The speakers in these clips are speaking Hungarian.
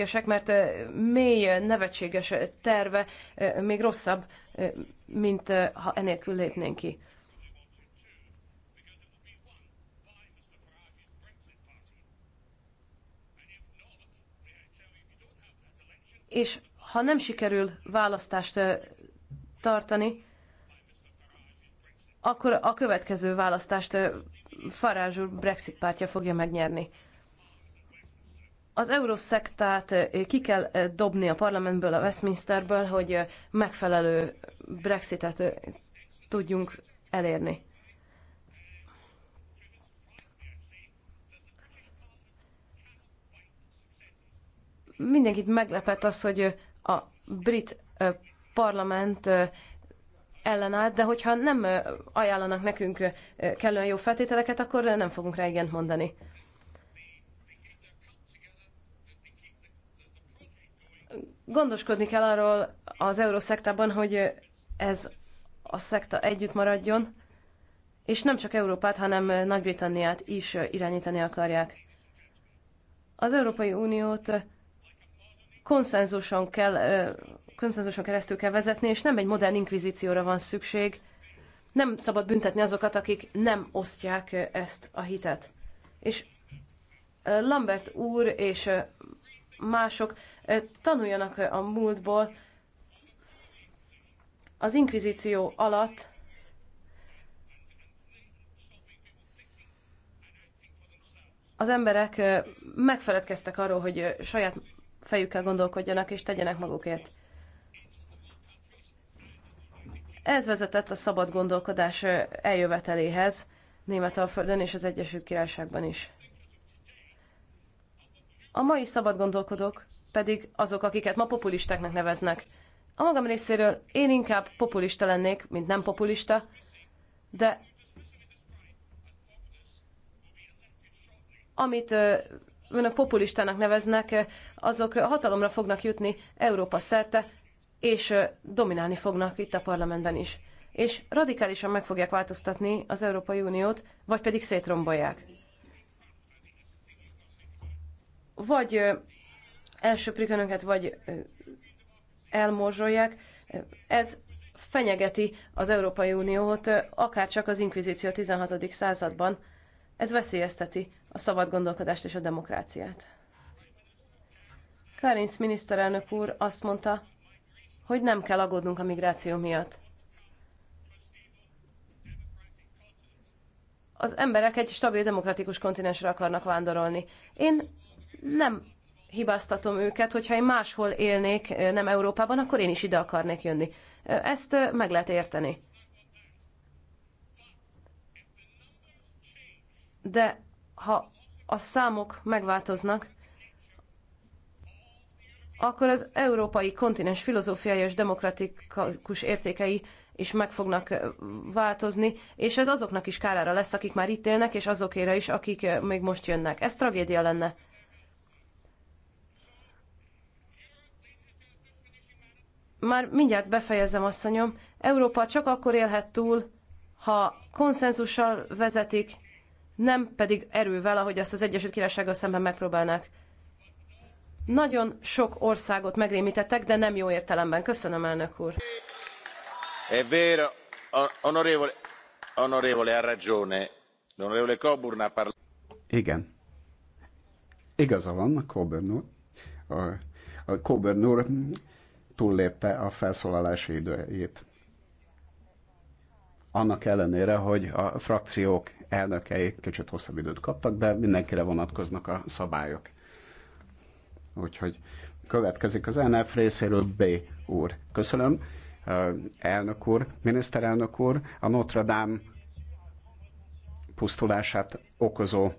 lehetségesek, mert mély nevetséges terve még rosszabb, mint ha enélkül lépnénk ki. És ha nem sikerül választást tartani, akkor a következő választást Farázs Brexit pártja fogja megnyerni az Euroszektát ki kell dobni a parlamentből, a Westminsterből, hogy megfelelő Brexitet tudjunk elérni. Mindenkit meglepett az, hogy a brit parlament ellenállt, de hogyha nem ajánlanak nekünk kellően jó feltételeket, akkor nem fogunk rá igent mondani. Gondoskodni kell arról az euroszektában, hogy ez a szekta együtt maradjon, és nem csak Európát, hanem Nagy-Britanniát is irányítani akarják. Az Európai Uniót konszenzuson, kell, konszenzuson keresztül kell vezetni, és nem egy modern inkvizícióra van szükség. Nem szabad büntetni azokat, akik nem osztják ezt a hitet. És Lambert úr és mások tanuljanak a múltból. Az inkvizíció alatt az emberek megfeledkeztek arról, hogy saját fejükkel gondolkodjanak és tegyenek magukért. Ez vezetett a szabad gondolkodás eljöveteléhez Németalföldön és az Egyesült Királyságban is. A mai szabad gondolkodók pedig azok, akiket ma populistáknak neveznek. A magam részéről én inkább populista lennék, mint nem populista, de amit önök populistának neveznek, azok hatalomra fognak jutni Európa szerte, és dominálni fognak itt a parlamentben is. És radikálisan meg fogják változtatni az Európai Uniót, vagy pedig szétrombolják. Vagy elsöprik önöket, vagy elmorzsolják. Ez fenyegeti az Európai Uniót, akár csak az inkvizíció 16. században. Ez veszélyezteti a szabad gondolkodást és a demokráciát. Karinsz miniszterelnök úr azt mondta, hogy nem kell aggódnunk a migráció miatt. Az emberek egy stabil, demokratikus kontinensre akarnak vándorolni. Én nem hibáztatom őket, hogyha én máshol élnék, nem Európában, akkor én is ide akarnék jönni. Ezt meg lehet érteni. De ha a számok megváltoznak, akkor az európai kontinens filozófiai és demokratikus értékei is meg fognak változni, és ez azoknak is kárára lesz, akik már itt élnek, és azokére is, akik még most jönnek. Ez tragédia lenne. Már mindjárt befejezem, asszonyom. Európa csak akkor élhet túl, ha konszenzussal vezetik, nem pedig erővel, ahogy azt az Egyesült Királysággal szemben megpróbálnák. Nagyon sok országot megrémítettek, de nem jó értelemben. Köszönöm, elnök úr. È vero, onorevole, onorevole ha ragione. Onorevole Coburn parla. Igen. Igaza van, Coburn úr. A, a Coburn úr túllépte a felszólalási időjét. Annak ellenére, hogy a frakciók elnökei kicsit hosszabb időt kaptak, de mindenkire vonatkoznak a szabályok. Úgyhogy következik az NF részéről B úr. Köszönöm, elnök úr, miniszterelnök úr. A Notre Dame pusztulását okozó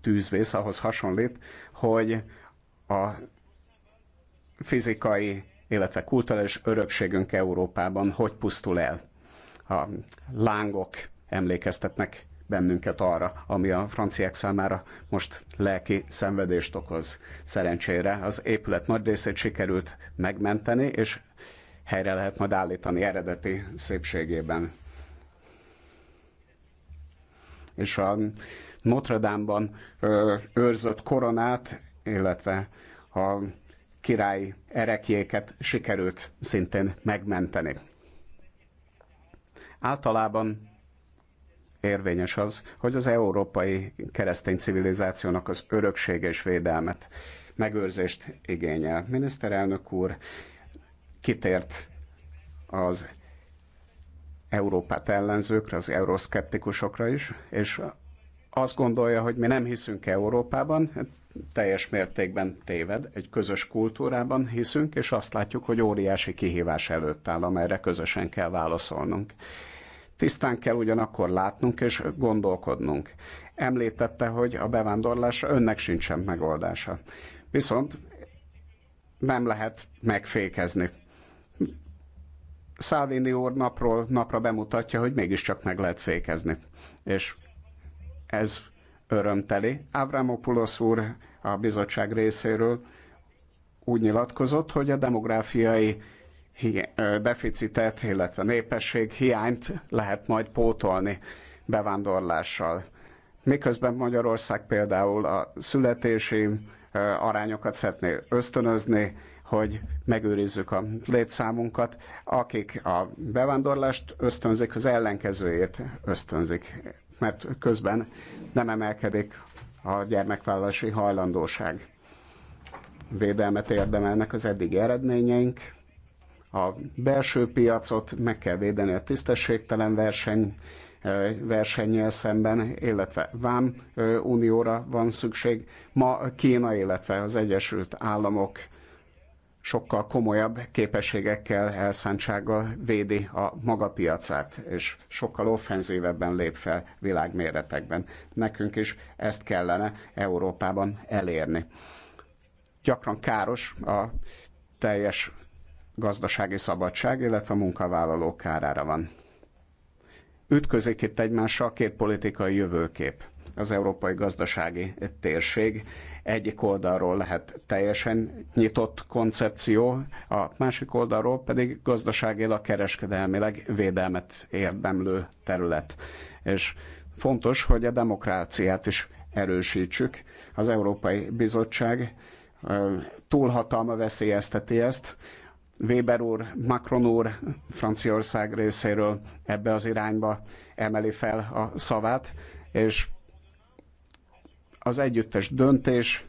tűzvész ahhoz hasonlít, hogy a fizikai illetve kulturális örökségünk Európában hogy pusztul el. A lángok emlékeztetnek bennünket arra, ami a franciák számára most lelki szenvedést okoz. Szerencsére az épület nagy részét sikerült megmenteni, és helyre lehet majd állítani eredeti szépségében. És a Notre Dame-ban őrzött koronát, illetve a király erekjéket sikerült szintén megmenteni. Általában érvényes az, hogy az európai keresztény civilizációnak az örökséges és védelmet, megőrzést igényel. Miniszterelnök úr kitért az Európát ellenzőkre, az euroszkeptikusokra is, és azt gondolja, hogy mi nem hiszünk Európában, teljes mértékben téved, egy közös kultúrában hiszünk, és azt látjuk, hogy óriási kihívás előtt áll, amelyre közösen kell válaszolnunk. Tisztán kell ugyanakkor látnunk és gondolkodnunk. Említette, hogy a bevándorlás önnek sincsen megoldása. Viszont nem lehet megfékezni. Szávini úr napról napra bemutatja, hogy mégiscsak meg lehet fékezni. És ez örömteli. Avramopoulos úr a bizottság részéről úgy nyilatkozott, hogy a demográfiai deficitet, illetve népesség hiányt lehet majd pótolni bevándorlással. Miközben Magyarország például a születési arányokat szeretné ösztönözni, hogy megőrizzük a létszámunkat, akik a bevándorlást ösztönzik, az ellenkezőjét ösztönzik, mert közben nem emelkedik a gyermekvállalási hajlandóság. Védelmet érdemelnek az eddigi eredményeink, a belső piacot meg kell védeni a tisztességtelen verseny, versennyel szemben, illetve vám unióra van szükség. Ma Kína, illetve az Egyesült Államok sokkal komolyabb képességekkel, elszántsággal védi a maga piacát, és sokkal offenzívebben lép fel világméretekben. Nekünk is ezt kellene Európában elérni. Gyakran káros a teljes gazdasági szabadság, illetve a munkavállalók kárára van. Ütközik itt egymással két politikai jövőkép az európai gazdasági térség egyik oldalról lehet teljesen nyitott koncepció, a másik oldalról pedig gazdaságilag, kereskedelmileg védelmet érdemlő terület. És fontos, hogy a demokráciát is erősítsük. Az Európai Bizottság túlhatalma veszélyezteti ezt. Weber úr, Macron úr Franciaország részéről ebbe az irányba emeli fel a szavát, és az együttes döntés,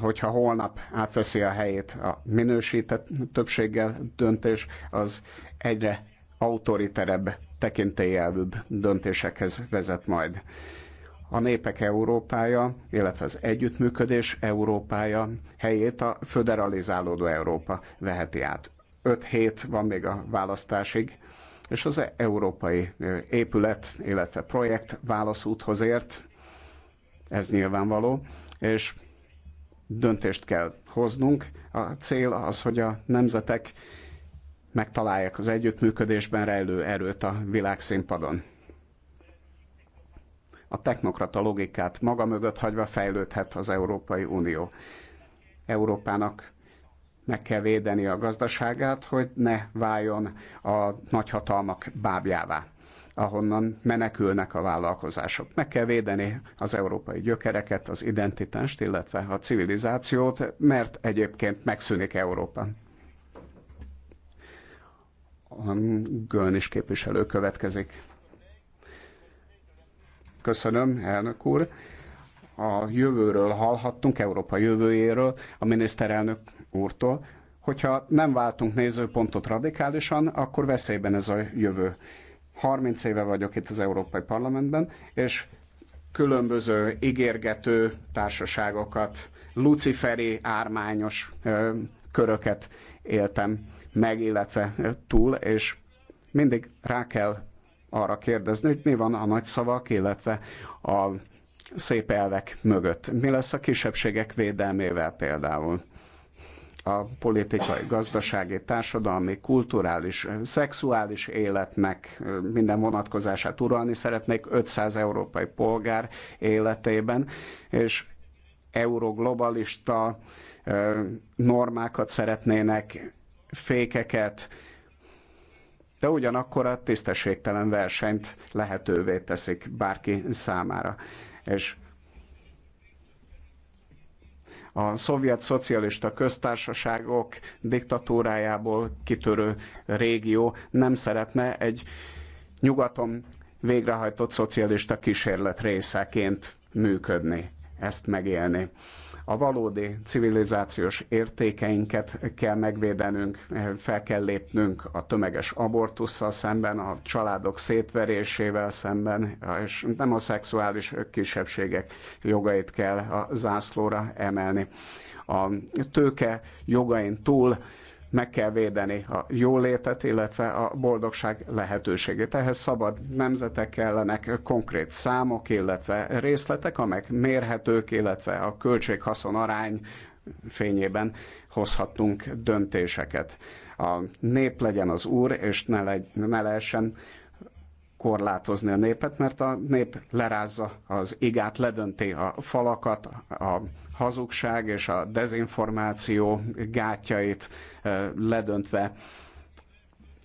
hogyha holnap átveszi a helyét a minősített többséggel döntés, az egyre autoriterebb, tekintélyelvűbb döntésekhez vezet majd. A népek Európája, illetve az együttműködés Európája helyét a föderalizálódó Európa veheti át. Öt hét van még a választásig, és az európai épület, illetve projekt válaszúthoz ért, ez nyilvánvaló, és döntést kell hoznunk. A cél az, hogy a nemzetek megtalálják az együttműködésben rejlő erőt a világszínpadon. A technokrata logikát maga mögött hagyva fejlődhet az Európai Unió. Európának meg kell védeni a gazdaságát, hogy ne váljon a nagyhatalmak bábjává ahonnan menekülnek a vállalkozások. Meg kell védeni az európai gyökereket, az identitást, illetve a civilizációt, mert egyébként megszűnik Európa. Göln is képviselő következik. Köszönöm, elnök úr. A jövőről hallhattunk, Európa jövőjéről. A miniszterelnök úrtól, hogyha nem váltunk nézőpontot radikálisan, akkor veszélyben ez a jövő. 30 éve vagyok itt az Európai Parlamentben, és különböző ígérgető társaságokat, luciferi ármányos ö, köröket éltem meg, illetve túl, és mindig rá kell arra kérdezni, hogy mi van a nagy szavak, illetve a szép elvek mögött. Mi lesz a kisebbségek védelmével például? a politikai, gazdasági, társadalmi, kulturális, szexuális életnek minden vonatkozását uralni szeretnék 500 európai polgár életében, és euroglobalista normákat szeretnének, fékeket, de ugyanakkor a tisztességtelen versenyt lehetővé teszik bárki számára. És a szovjet szocialista köztársaságok diktatúrájából kitörő régió nem szeretne egy nyugaton végrehajtott szocialista kísérlet részeként működni, ezt megélni. A valódi civilizációs értékeinket kell megvédenünk, fel kell lépnünk a tömeges abortussal szemben, a családok szétverésével szemben, és nem a szexuális kisebbségek jogait kell a zászlóra emelni. A tőke jogain túl meg kell védeni a jólétet, illetve a boldogság lehetőségét. Ehhez szabad nemzetek kellenek, konkrét számok, illetve részletek, amelyek mérhetők, illetve a költség-haszon arány fényében hozhatunk döntéseket. A nép legyen az úr, és ne, legy, ne lehessen korlátozni a népet, mert a nép lerázza az igát, ledönti a falakat, a hazugság és a dezinformáció gátjait ledöntve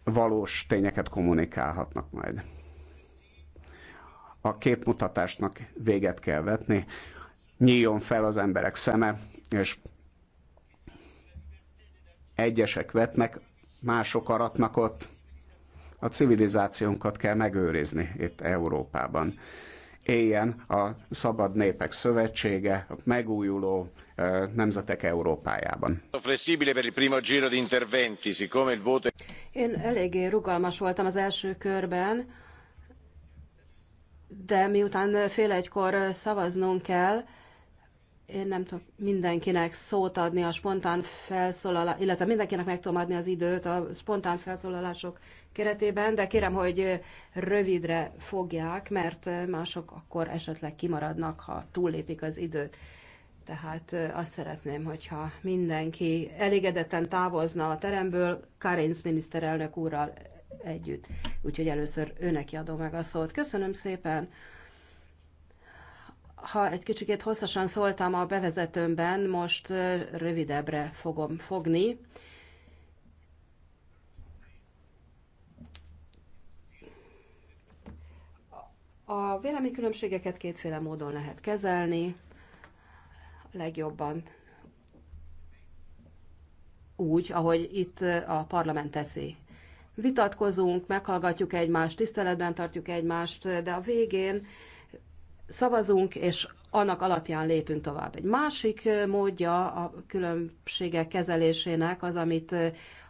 valós tényeket kommunikálhatnak majd. A képmutatásnak véget kell vetni, nyíljon fel az emberek szeme, és egyesek vetnek, mások aratnak ott, a civilizációnkat kell megőrizni itt Európában. Éljen a Szabad Népek Szövetsége, a megújuló nemzetek Európájában. Én eléggé rugalmas voltam az első körben, de miután fél egykor szavaznunk kell, én nem tudok mindenkinek szót adni a spontán felszólalás, illetve mindenkinek meg tudom adni az időt a spontán felszólalások keretében, de kérem, hogy rövidre fogják, mert mások akkor esetleg kimaradnak, ha túllépik az időt. Tehát azt szeretném, hogyha mindenki elégedetten távozna a teremből Karinz miniszterelnök úrral együtt. Úgyhogy először őneki adom meg a szót. Köszönöm szépen! ha egy kicsikét hosszasan szóltam a bevezetőmben, most rövidebbre fogom fogni. A véleménykülönbségeket kétféle módon lehet kezelni, legjobban úgy, ahogy itt a parlament teszi. Vitatkozunk, meghallgatjuk egymást, tiszteletben tartjuk egymást, de a végén szavazunk, és annak alapján lépünk tovább. Egy másik módja a különbségek kezelésének az, amit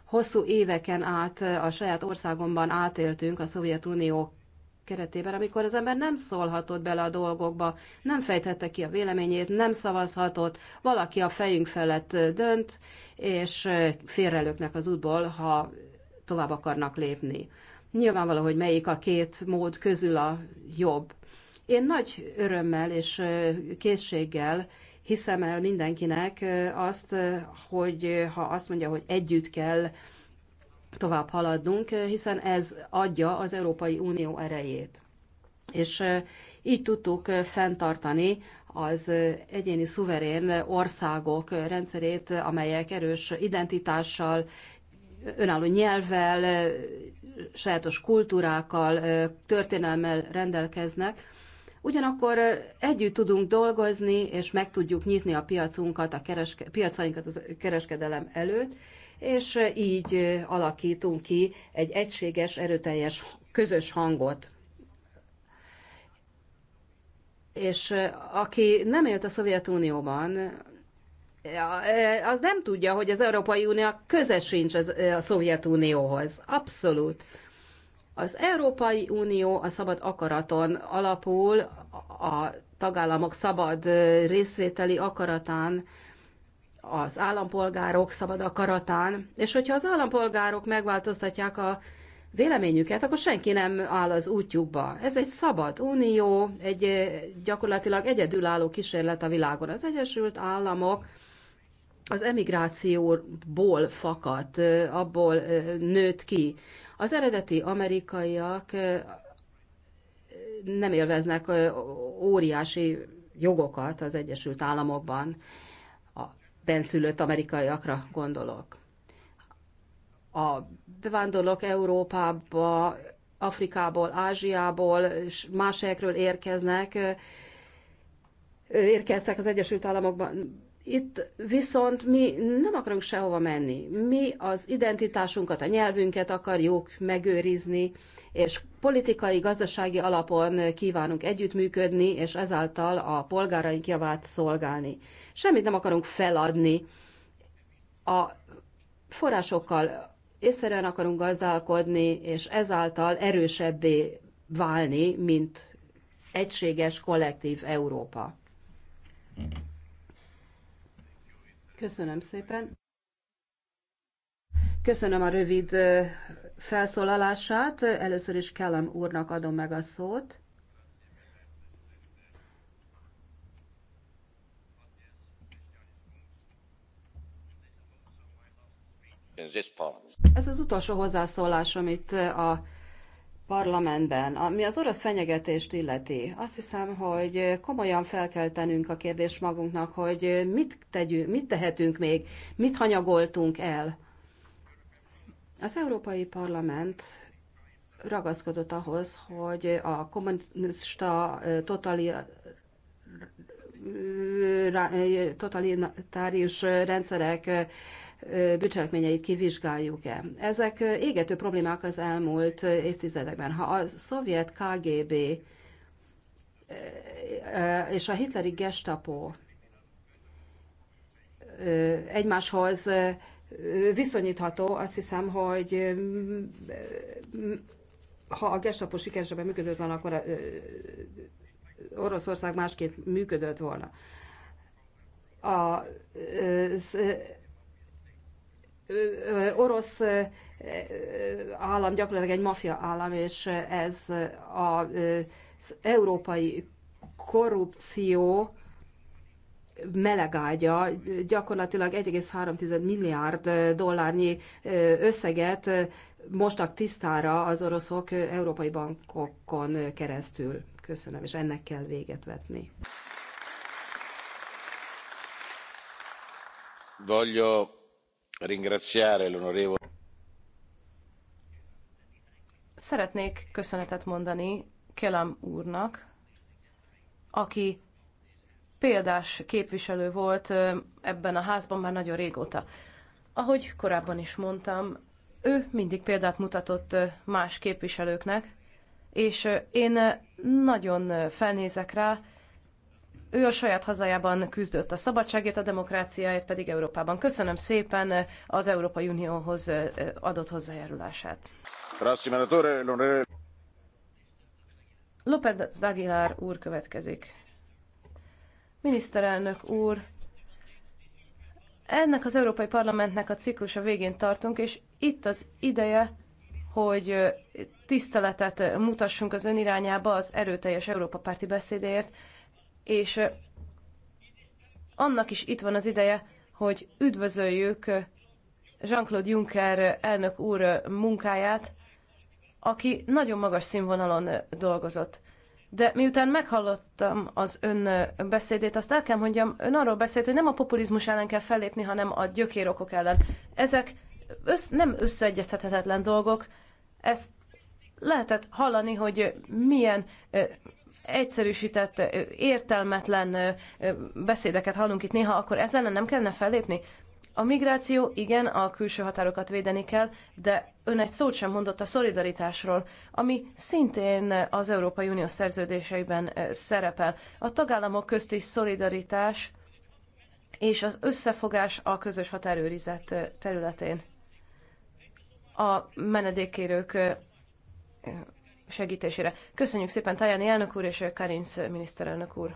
hosszú éveken át a saját országomban átéltünk a Szovjetunió keretében, amikor az ember nem szólhatott bele a dolgokba, nem fejthette ki a véleményét, nem szavazhatott, valaki a fejünk felett dönt, és félrelőknek az útból, ha tovább akarnak lépni. Nyilvánvaló, hogy melyik a két mód közül a jobb. Én nagy örömmel és készséggel hiszem el mindenkinek azt, hogy ha azt mondja, hogy együtt kell tovább haladnunk, hiszen ez adja az Európai Unió erejét. És így tudtuk fenntartani az egyéni szuverén országok rendszerét, amelyek erős identitással, önálló nyelvvel, sajátos kultúrákkal, történelmel rendelkeznek, Ugyanakkor együtt tudunk dolgozni, és meg tudjuk nyitni a piacunkat, a kereske, piacainkat a kereskedelem előtt, és így alakítunk ki egy egységes, erőteljes, közös hangot. És aki nem élt a Szovjetunióban, az nem tudja, hogy az Európai Unió köze sincs a Szovjetunióhoz. Abszolút. Az Európai Unió a szabad akaraton alapul, a tagállamok szabad részvételi akaratán, az állampolgárok szabad akaratán, és hogyha az állampolgárok megváltoztatják a véleményüket, akkor senki nem áll az útjukba. Ez egy szabad unió, egy eh, gyakorlatilag egyedülálló kísérlet a világon. Az Egyesült Államok az emigrációból fakadt, eh, abból eh, nőtt ki. Az eredeti amerikaiak nem élveznek óriási jogokat az Egyesült Államokban, a benszülött amerikaiakra gondolok. A bevándorlók Európába, Afrikából, Ázsiából és más helyekről érkeznek, érkeztek az Egyesült Államokban itt viszont mi nem akarunk sehova menni. Mi az identitásunkat, a nyelvünket akarjuk megőrizni, és politikai, gazdasági alapon kívánunk együttműködni, és ezáltal a polgáraink javát szolgálni. Semmit nem akarunk feladni. A forrásokkal észszerűen akarunk gazdálkodni, és ezáltal erősebbé válni, mint egységes, kollektív Európa. Mm-hmm. Köszönöm szépen. Köszönöm a rövid felszólalását. Először is Kellem úrnak adom meg a szót. Ez az utolsó hozzászólásom itt a parlamentben. Ami az orosz fenyegetést illeti, azt hiszem, hogy komolyan fel kell tennünk a kérdést magunknak, hogy mit, tegyünk, mit tehetünk még, mit hanyagoltunk el. Az Európai Parlament ragaszkodott ahhoz, hogy a kommunista totali, totalitárius rendszerek bűncselekményeit kivizsgáljuk-e. Ezek égető problémák az elmúlt évtizedekben. Ha a szovjet KGB és a hitleri gestapo egymáshoz viszonyítható, azt hiszem, hogy ha a gestapo sikeresebben működött volna, akkor Oroszország másképp működött volna. A, az orosz állam gyakorlatilag egy mafia állam, és ez az európai korrupció melegágya, gyakorlatilag 1,3 milliárd dollárnyi összeget mostak tisztára az oroszok európai bankokon keresztül. Köszönöm, és ennek kell véget vetni. Voglio ringraziare l'onorevole. Szeretnék köszönetet mondani Kelam úrnak, aki példás képviselő volt ebben a házban már nagyon régóta. Ahogy korábban is mondtam, ő mindig példát mutatott más képviselőknek, és én nagyon felnézek rá, ő a saját hazájában küzdött a szabadságért, a demokráciáért pedig Európában. Köszönöm szépen az Európai Unióhoz adott hozzájárulását. López Dagilár úr következik. Miniszterelnök úr, ennek az Európai Parlamentnek a ciklusa végén tartunk, és itt az ideje, hogy tiszteletet mutassunk az ön irányába az erőteljes Európa párti beszédért, és annak is itt van az ideje, hogy üdvözöljük Jean-Claude Juncker elnök úr munkáját, aki nagyon magas színvonalon dolgozott. De miután meghallottam az ön beszédét, azt el kell mondjam, ön arról beszélt, hogy nem a populizmus ellen kell fellépni, hanem a gyökérokok ellen. Ezek össz, nem összeegyeztethetetlen dolgok. Ezt lehetett hallani, hogy milyen egyszerűsített, értelmetlen beszédeket hallunk itt néha, akkor ezzel nem kellene fellépni? A migráció, igen, a külső határokat védeni kell, de ön egy szót sem mondott a szolidaritásról, ami szintén az Európai Unió szerződéseiben szerepel. A tagállamok közti szolidaritás és az összefogás a közös határőrizet területén. A menedékkérők segítésére. Köszönjük szépen Tajani elnök úr és Karinsz miniszterelnök úr.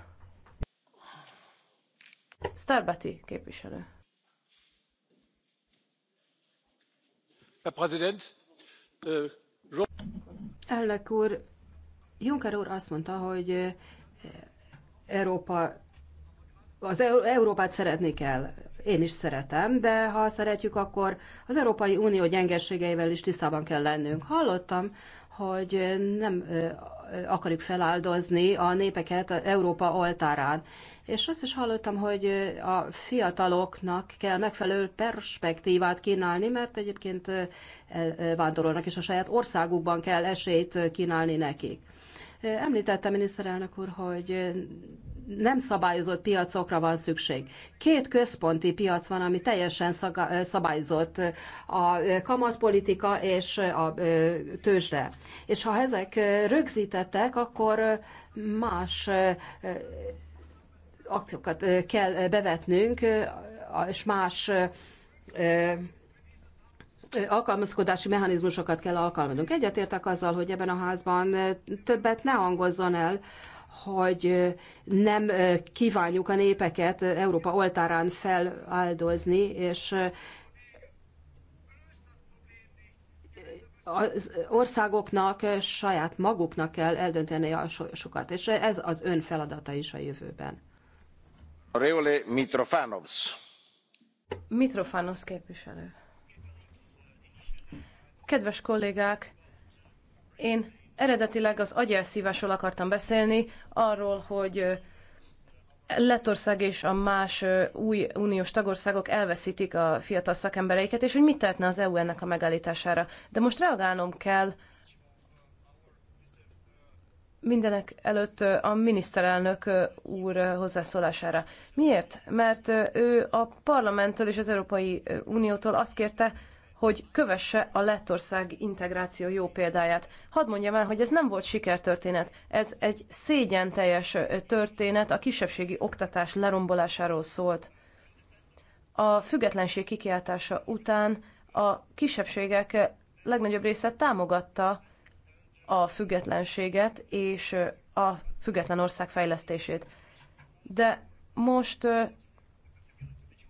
Starbati képviselő. Äh, elnök úr, Juncker úr azt mondta, hogy äh, Európa, az Európát szeretni kell. Én is szeretem, de ha szeretjük, akkor az Európai Unió gyengeségeivel is tisztában kell lennünk. Hallottam hogy nem akarjuk feláldozni a népeket Európa oltárán. És azt is hallottam, hogy a fiataloknak kell megfelelő perspektívát kínálni, mert egyébként vándorolnak, és a saját országukban kell esélyt kínálni nekik. Említette miniszterelnök úr, hogy nem szabályozott piacokra van szükség. Két központi piac van, ami teljesen szabályozott, a kamatpolitika és a tőzsde. És ha ezek rögzítettek, akkor más akciókat kell bevetnünk, és más alkalmazkodási mechanizmusokat kell alkalmaznunk. Egyetértek azzal, hogy ebben a házban eh, többet ne hangozzon el, hogy eh, nem eh, kívánjuk a népeket Európa oltárán feláldozni, és az országoknak saját maguknak kell eldönteni a sorsukat, és ez az ön feladata is a jövőben. Reole Mitrofanovs. Mitrofanovs képviselő. Kedves kollégák, én eredetileg az agyelszívásról akartam beszélni, arról, hogy Lettország és a más új uniós tagországok elveszítik a fiatal szakembereiket, és hogy mit tehetne az EU ennek a megállítására. De most reagálnom kell mindenek előtt a miniszterelnök úr hozzászólására. Miért? Mert ő a parlamenttől és az Európai Uniótól azt kérte, hogy kövesse a Lettország integráció jó példáját. Hadd mondjam el, hogy ez nem volt sikertörténet, ez egy szégyen teljes történet, a kisebbségi oktatás lerombolásáról szólt. A függetlenség kikiáltása után a kisebbségek legnagyobb része támogatta a függetlenséget és a független ország fejlesztését. De most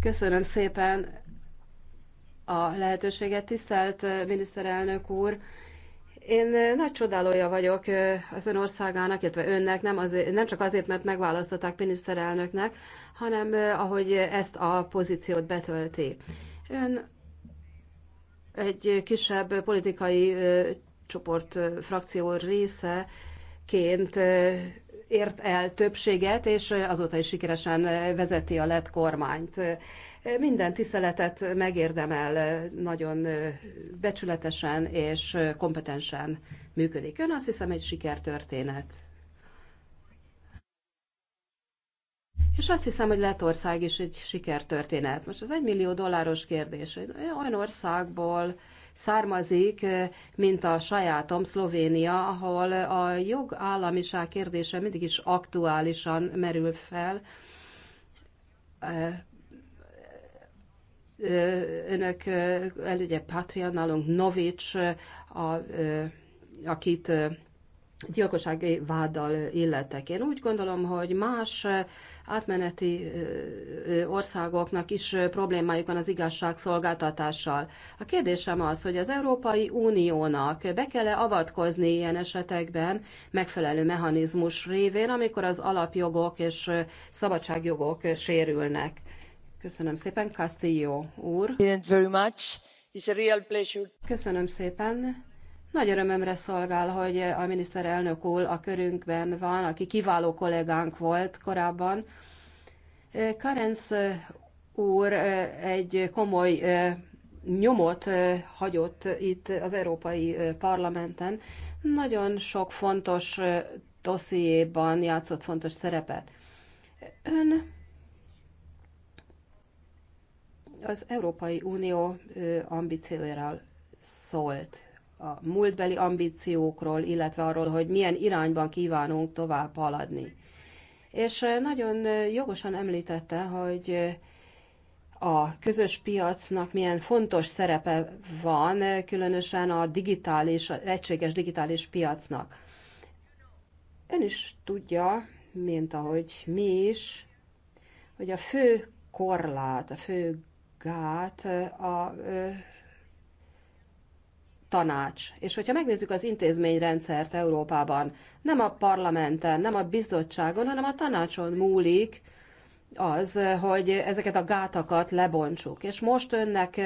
Köszönöm szépen a lehetőséget, tisztelt miniszterelnök úr! Én nagy csodálója vagyok az ön országának, illetve önnek, nem, azért, nem csak azért, mert megválasztották miniszterelnöknek, hanem ahogy ezt a pozíciót betölti. Ön egy kisebb politikai csoport frakció részeként ért el többséget, és azóta is sikeresen vezeti a lett kormányt. Minden tiszteletet megérdemel, nagyon becsületesen és kompetensen működik. Ön azt hiszem egy sikertörténet. És azt hiszem, hogy Lettország is egy sikertörténet. Most az egymillió dolláros kérdés. Olyan országból, származik, mint a sajátom Szlovénia, ahol a jogállamiság kérdése mindig is aktuálisan merül fel. Önök, ugye Patria, nálunk Novics, a, akit gyilkossági váddal illettek. Én úgy gondolom, hogy más átmeneti országoknak is problémájuk van az igazságszolgáltatással. A kérdésem az, hogy az Európai Uniónak be kell-e avatkozni ilyen esetekben megfelelő mechanizmus révén, amikor az alapjogok és szabadságjogok sérülnek. Köszönöm szépen, Castillo úr. Köszönöm szépen. Nagy örömömre szolgál, hogy a miniszterelnök úr a körünkben van, aki kiváló kollégánk volt korábban. Karenc úr egy komoly nyomot hagyott itt az Európai Parlamenten. Nagyon sok fontos dossziéban játszott fontos szerepet. Ön az Európai Unió ambícióiról szólt a múltbeli ambíciókról, illetve arról, hogy milyen irányban kívánunk tovább haladni. És nagyon jogosan említette, hogy a közös piacnak milyen fontos szerepe van, különösen a digitális, egységes digitális piacnak. Ön is tudja, mint ahogy mi is, hogy a fő korlát, a fő gát a tanács. És hogyha megnézzük az intézményrendszert Európában, nem a parlamenten, nem a bizottságon, hanem a tanácson múlik az, hogy ezeket a gátakat lebontsuk. És most önnek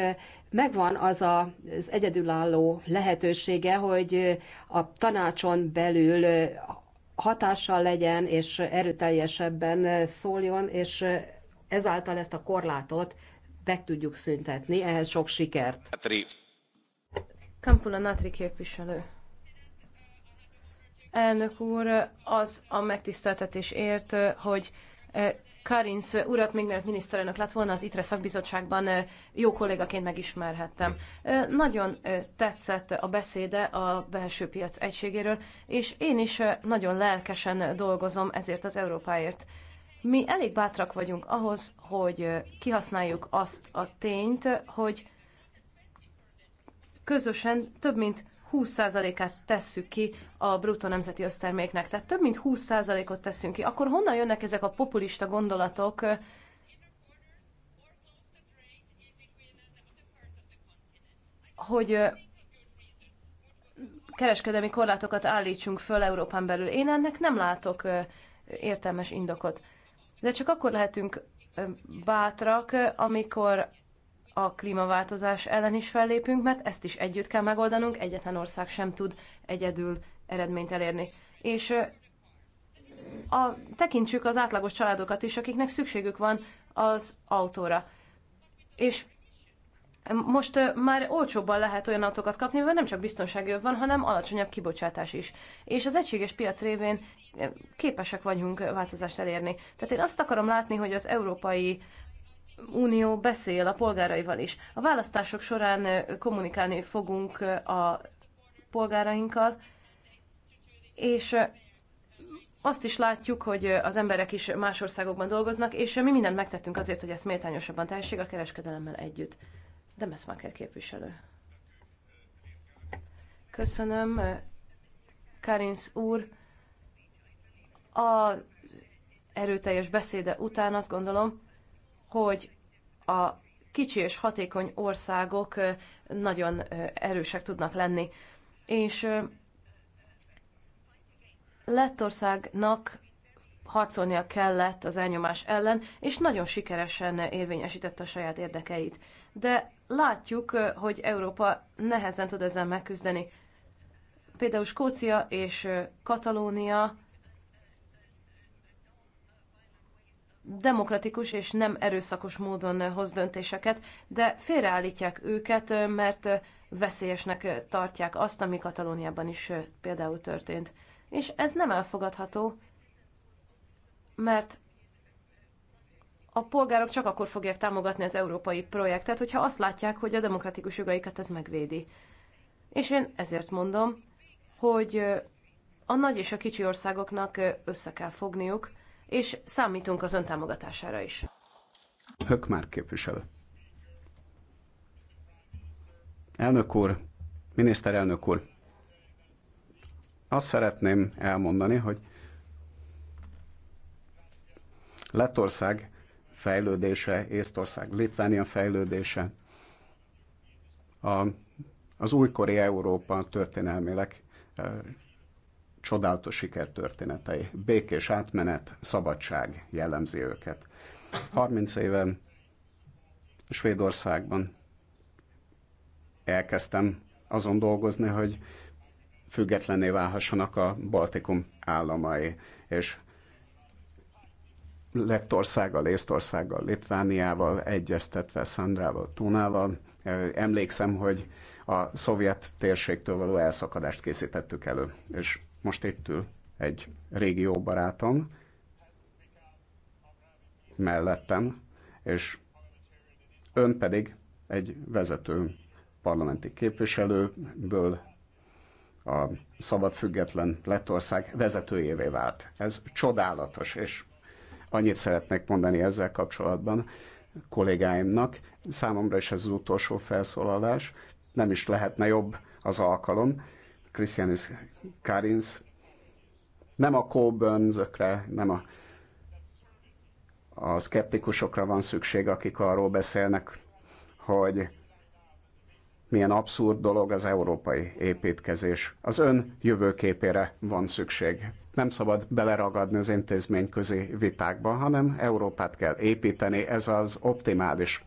megvan az a, az egyedülálló lehetősége, hogy a tanácson belül hatással legyen, és erőteljesebben szóljon, és ezáltal ezt a korlátot meg tudjuk szüntetni. Ehhez sok sikert! Kampula Natri képviselő. Elnök úr, az a megtiszteltetés ért, hogy eh, Karinsz urat, még mielőtt miniszterelnök lett volna, az ITRE szakbizottságban eh, jó kollégaként megismerhettem. Eh, nagyon tetszett a beszéde a belső piac egységéről, és én is nagyon lelkesen dolgozom ezért az Európáért. Mi elég bátrak vagyunk ahhoz, hogy kihasználjuk azt a tényt, hogy közösen több mint 20%-át tesszük ki a bruttó nemzeti összterméknek, tehát több mint 20%-ot teszünk ki, akkor honnan jönnek ezek a populista gondolatok, hogy kereskedelmi korlátokat állítsunk föl Európán belül. Én ennek nem látok értelmes indokot. De csak akkor lehetünk bátrak, amikor a klímaváltozás ellen is fellépünk, mert ezt is együtt kell megoldanunk, egyetlen ország sem tud egyedül eredményt elérni. És a, tekintsük az átlagos családokat is, akiknek szükségük van az autóra. És most már olcsóbban lehet olyan autókat kapni, mert nem csak biztonsági van, hanem alacsonyabb kibocsátás is. És az egységes piac révén képesek vagyunk változást elérni. Tehát én azt akarom látni, hogy az európai Unió beszél a polgáraival is. A választások során kommunikálni fogunk a polgárainkkal, és azt is látjuk, hogy az emberek is más országokban dolgoznak, és mi mindent megtettünk azért, hogy ezt méltányosabban tehessék a kereskedelemmel együtt. Demeszmaker képviselő. Köszönöm, Karinsz úr. A erőteljes beszéde után azt gondolom, hogy a kicsi és hatékony országok nagyon erősek tudnak lenni. És Lettországnak harcolnia kellett az elnyomás ellen, és nagyon sikeresen érvényesítette a saját érdekeit. De látjuk, hogy Európa nehezen tud ezzel megküzdeni. Például Skócia és Katalónia demokratikus és nem erőszakos módon hoz döntéseket, de félreállítják őket, mert veszélyesnek tartják azt, ami Katalóniában is például történt. És ez nem elfogadható, mert a polgárok csak akkor fogják támogatni az európai projektet, hogyha azt látják, hogy a demokratikus jogaikat ez megvédi. És én ezért mondom, hogy a nagy és a kicsi országoknak össze kell fogniuk, és számítunk az ön támogatására is. Hök már képviselő. Elnök úr, miniszterelnök úr, azt szeretném elmondani, hogy Lettország fejlődése, Észtország, Litvánia fejlődése, a, az újkori Európa történelmének eh, csodálatos sikertörténetei, békés átmenet, szabadság jellemzi őket. 30 éve Svédországban elkezdtem azon dolgozni, hogy függetlenné válhassanak a Baltikum államai, és Lettországgal, Észtországgal, Litvániával, egyeztetve Szandrával, Tunával. Emlékszem, hogy a szovjet térségtől való elszakadást készítettük elő, és most itt ül egy régi jó barátom mellettem, és ön pedig egy vezető parlamenti képviselőből a szabad független Lettország vezetőjévé vált. Ez csodálatos, és annyit szeretnék mondani ezzel kapcsolatban kollégáimnak. Számomra is ez az utolsó felszólalás, nem is lehetne jobb az alkalom. Christianis Karins, nem a coburn nem a, a szkeptikusokra van szükség, akik arról beszélnek, hogy milyen abszurd dolog az európai építkezés. Az ön jövőképére van szükség. Nem szabad beleragadni az intézményközi vitákba, hanem Európát kell építeni, ez az optimális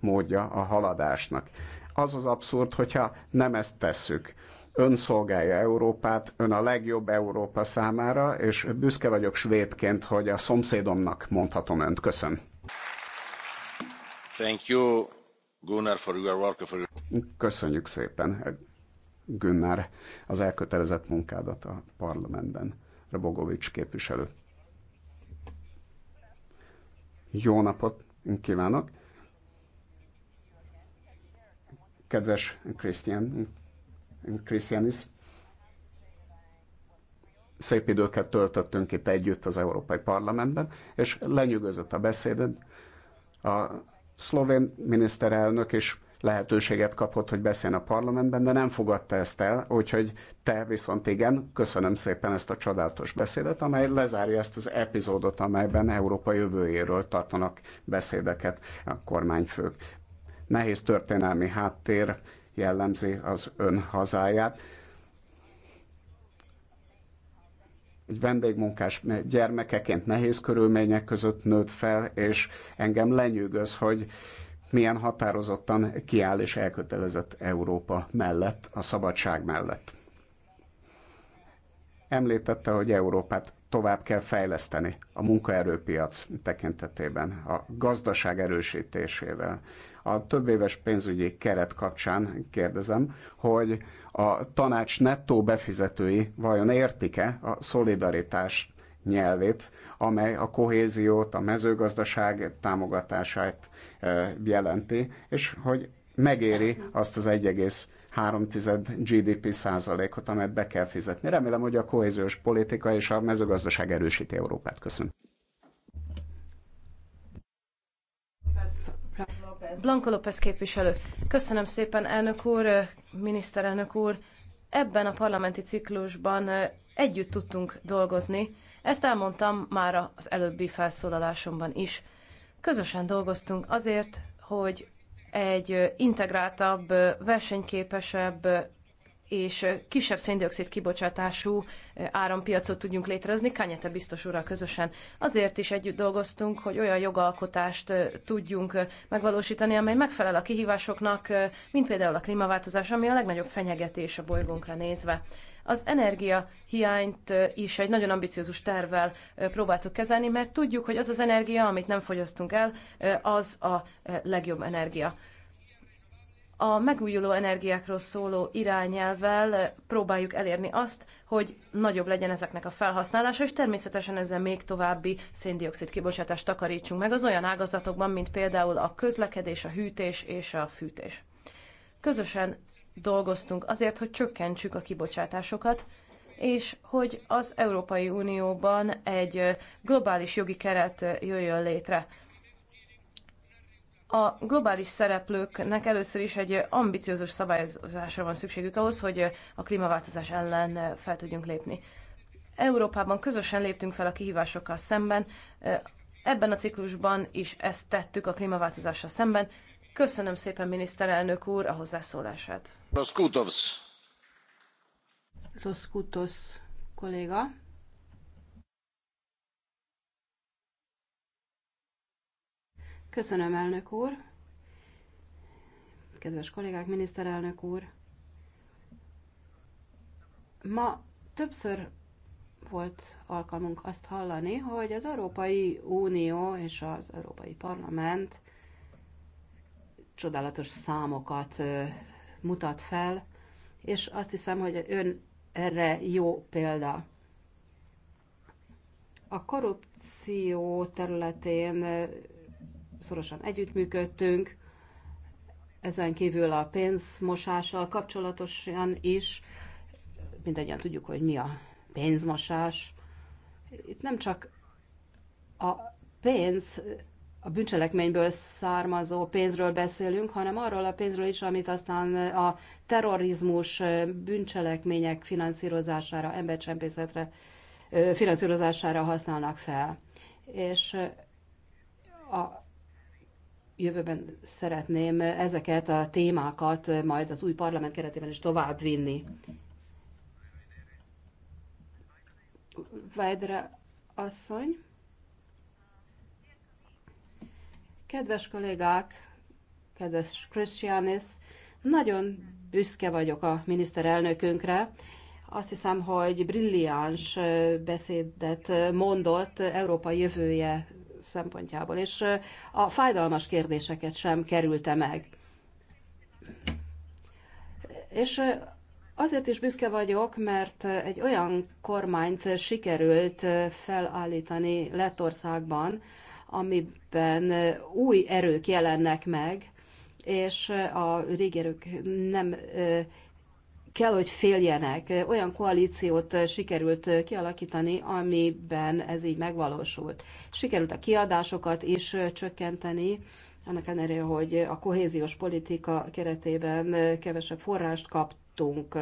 módja a haladásnak. Az az abszurd, hogyha nem ezt tesszük. Ön szolgálja Európát, ön a legjobb Európa számára, és büszke vagyok svédként, hogy a szomszédomnak mondhatom önt. Köszön. Thank you, Gunnar, for your work. For your... Köszönjük szépen, Gunnar, az elkötelezett munkádat a parlamentben. Rebogovics képviselő. Jó napot kívánok! Kedves Krisztián, Krisztianis, szép időket töltöttünk itt együtt az Európai Parlamentben, és lenyűgözött a beszédet. A szlovén miniszterelnök is lehetőséget kapott, hogy beszéljen a parlamentben, de nem fogadta ezt el, úgyhogy te viszont igen, köszönöm szépen ezt a csodálatos beszédet, amely lezárja ezt az epizódot, amelyben Európa jövőjéről tartanak beszédeket a kormányfők. Nehéz történelmi háttér jellemzi az ön hazáját. egy vendégmunkás gyermekeként nehéz körülmények között nőtt fel, és engem lenyűgöz, hogy milyen határozottan kiáll és elkötelezett Európa mellett, a szabadság mellett. Említette, hogy Európát tovább kell fejleszteni a munkaerőpiac tekintetében, a gazdaság erősítésével, a több éves pénzügyi keret kapcsán kérdezem, hogy a tanács nettó befizetői vajon értik-e a szolidaritás nyelvét, amely a kohéziót, a mezőgazdaság támogatását e, jelenti, és hogy megéri azt az 1,3 GDP százalékot, amelyet be kell fizetni. Remélem, hogy a kohéziós politika és a mezőgazdaság erősíti Európát. Köszönöm. López. Blanco López képviselő. Köszönöm szépen, elnök úr, miniszterelnök úr. Ebben a parlamenti ciklusban együtt tudtunk dolgozni. Ezt elmondtam már az előbbi felszólalásomban is. Közösen dolgoztunk azért, hogy egy integráltabb, versenyképesebb és kisebb széndiokszid kibocsátású árampiacot tudjunk létrehozni, Kányete biztos úrral közösen. Azért is együtt dolgoztunk, hogy olyan jogalkotást tudjunk megvalósítani, amely megfelel a kihívásoknak, mint például a klímaváltozás, ami a legnagyobb fenyegetés a bolygónkra nézve. Az energia hiányt is egy nagyon ambiciózus tervvel próbáltuk kezelni, mert tudjuk, hogy az az energia, amit nem fogyasztunk el, az a legjobb energia a megújuló energiákról szóló irányelvel próbáljuk elérni azt, hogy nagyobb legyen ezeknek a felhasználása, és természetesen ezzel még további széndiokszid kibocsátást takarítsunk meg az olyan ágazatokban, mint például a közlekedés, a hűtés és a fűtés. Közösen dolgoztunk azért, hogy csökkentsük a kibocsátásokat, és hogy az Európai Unióban egy globális jogi keret jöjjön létre a globális szereplőknek először is egy ambiciózus szabályozásra van szükségük ahhoz, hogy a klímaváltozás ellen fel tudjunk lépni. Európában közösen léptünk fel a kihívásokkal szemben, ebben a ciklusban is ezt tettük a klímaváltozással szemben. Köszönöm szépen, miniszterelnök úr, a hozzászólását. Roskutovs. Roskutovs kolléga. Köszönöm, elnök úr. Kedves kollégák, miniszterelnök úr. Ma többször volt alkalmunk azt hallani, hogy az Európai Unió és az Európai Parlament csodálatos számokat mutat fel, és azt hiszem, hogy ön erre jó példa. A korrupció területén szorosan együttműködtünk, ezen kívül a pénzmosással kapcsolatosan is, mindannyian tudjuk, hogy mi a pénzmosás. Itt nem csak a pénz, a bűncselekményből származó pénzről beszélünk, hanem arról a pénzről is, amit aztán a terrorizmus bűncselekmények finanszírozására, embercsempészetre finanszírozására használnak fel. És a jövőben szeretném ezeket a témákat majd az új parlament keretében is tovább vinni. Vajdra asszony. Kedves kollégák, kedves Christianis, nagyon büszke vagyok a miniszterelnökünkre. Azt hiszem, hogy brilliáns beszédet mondott Európa jövője szempontjából, és a fájdalmas kérdéseket sem kerülte meg. És azért is büszke vagyok, mert egy olyan kormányt sikerült felállítani Lettországban, amiben új erők jelennek meg, és a régi erők nem kell, hogy féljenek. Olyan koalíciót sikerült kialakítani, amiben ez így megvalósult. Sikerült a kiadásokat is csökkenteni, annak ellenére, hogy a kohéziós politika keretében kevesebb forrást kaptunk.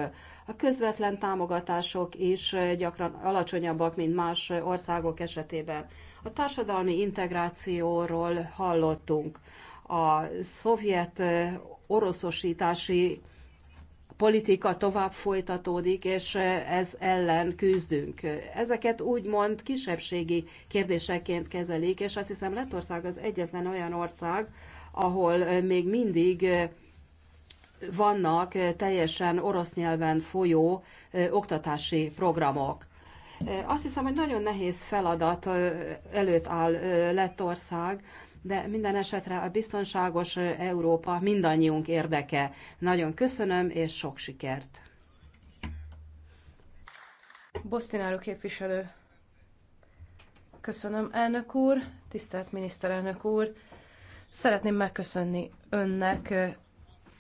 A közvetlen támogatások is gyakran alacsonyabbak, mint más országok esetében. A társadalmi integrációról hallottunk. A szovjet oroszosítási politika tovább folytatódik, és eh, ez ellen küzdünk. Ezeket úgymond kisebbségi kérdéseként kezelik, és azt hiszem Lettország az egyetlen olyan ország, ahol eh, még mindig eh, vannak teljesen orosz nyelven folyó oktatási programok. Azt hiszem, hogy nagyon nehéz feladat előtt áll Lettország, de minden esetre a biztonságos Európa mindannyiunk érdeke. Nagyon köszönöm, és sok sikert! Bosztináró képviselő. Köszönöm, elnök úr, tisztelt miniszterelnök úr. Szeretném megköszönni önnek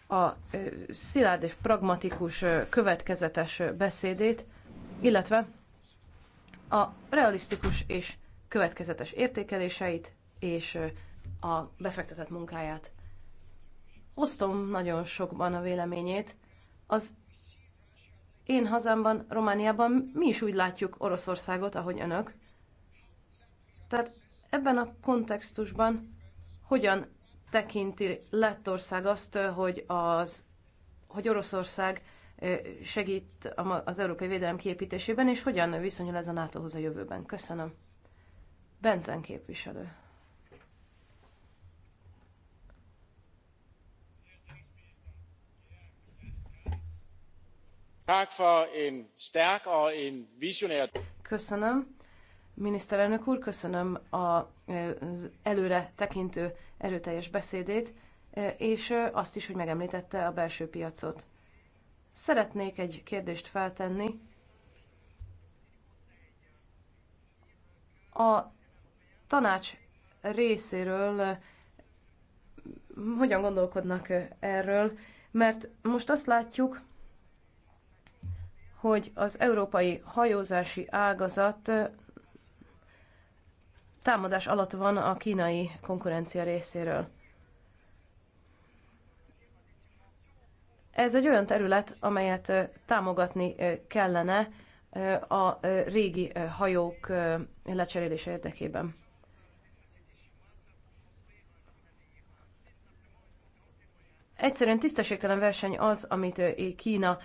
a szilárd és pragmatikus, következetes beszédét, illetve a realisztikus és következetes értékeléseit és a befektetett munkáját. Osztom nagyon sokban a véleményét. Az én hazámban, Romániában mi is úgy látjuk Oroszországot, ahogy önök. Tehát ebben a kontextusban hogyan tekinti Lettország azt, hogy, az, hogy Oroszország segít az európai védelem kiépítésében, és hogyan viszonyul ez a NATO-hoz a jövőben? Köszönöm. Benzen képviselő. Köszönöm. Miniszterelnök úr, köszönöm az előre tekintő erőteljes beszédét, és azt is, hogy megemlítette a belső piacot. Szeretnék egy kérdést feltenni. A tanács részéről hogyan gondolkodnak erről? Mert most azt látjuk, hogy az európai hajózási ágazat támadás alatt van a kínai konkurencia részéről. Ez egy olyan terület, amelyet támogatni kellene a régi hajók lecserélése érdekében. Egyszerűen tisztességtelen verseny az, amit Kína